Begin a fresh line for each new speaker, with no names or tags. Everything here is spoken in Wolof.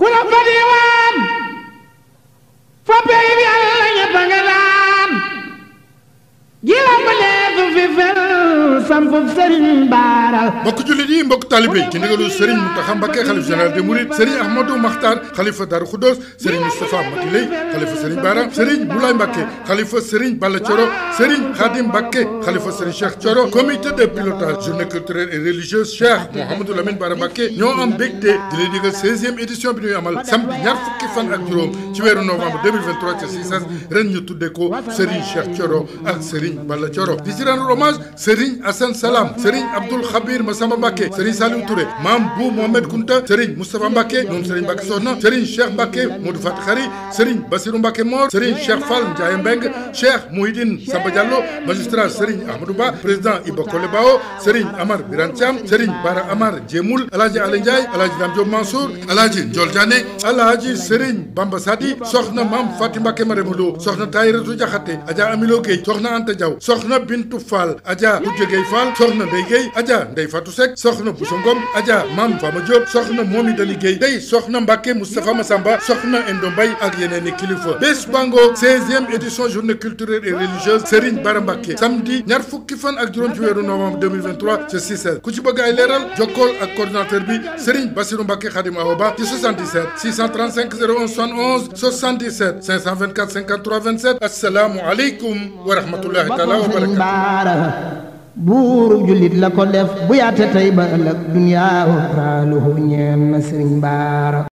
ku la fa diiwaan fa pey bi Yàlla ñëpp nga daan gi la mëneesu fi fel samp sëriñ Baara. mbokk jullit yi mbokk taalibe yi ci ndigalu sëriñ Mountakha Mbacké xalif général des mourides sëriñ Ahmadou Makhtar xalifa Darou Khoudoss sëriñ Moustapha Matiley xalifa sëriñ Baara sëriñ Boulaye Mbacké xalifa sëriñ Balla Thioro sëriñ Khadim Mbacké xalifa sëriñ Cheikh Thioro comité de pilotage journée culturelle et religieuse Cheikh Mouhamadou Lamine Bara Mbacké ñoo am mbégte di leen bi ñuy amal samedi ñaar fukki fan ak juróom ci weeru novembre 2023 ca Cissas ren ñu tuddee ko sëriñ Cheikh ak sëriñ Assane Salam Serigne Abdoul Khabir Massamba Mbacké Serigne Saliou Touré Mame Bou Mohamed Kounta Serigne Moustapha Mbacké moom Serigne Mbacké Soxna Serigne Cheikh Mbacké Modou Fat Khari Serigne Bassirou Mbacké Mor Serigne Cheikh Fall Ndiaye Mbeng Cheikh Mouhidine Samba Diallo magistrat Serigne Ahmadou Ba président Iba Kole Bao Serigne Amar Birane Thiam Serigne Bara Amar Djemoul Alhaji Alé Ndiaye Alhaji Dame Diop Mansour Alhaji Ndiol Diané Alhaji Serigne Bamba Sadi Soxna Mame Faty Mbacké Maremodo Soxna Tahiratou Diakhaté Adja Amilo Gueye Soxna Fall soxna Ndeye Guèye Adja Ndeye Fatou Seck soxna Bousso Ngom Adja Mame Fama Diop soxna Momi Dali Guèye day soxna Mbacke Moustapha Massamba soxna Endo ak yeneen i kilifa bango 16e édition journée culturelle et religieuse Serigne Bara Mbacke samedi ñaar fukki fan ak juróom ci weeru novembre 2023 ci 6 ku ci bëgg ay leeral jokkool ak coordinateur bi Serigne Bassirou Mbacke Khadim Awa Ba ci 77 635 01 71 77 524 53 27 asalaamualeykum wa rahmatullahi taala wa barakatu buuru julit la ko def bu yaate tey ba ëllëg duniyaawu raaluhu ñeen na sëriñ baara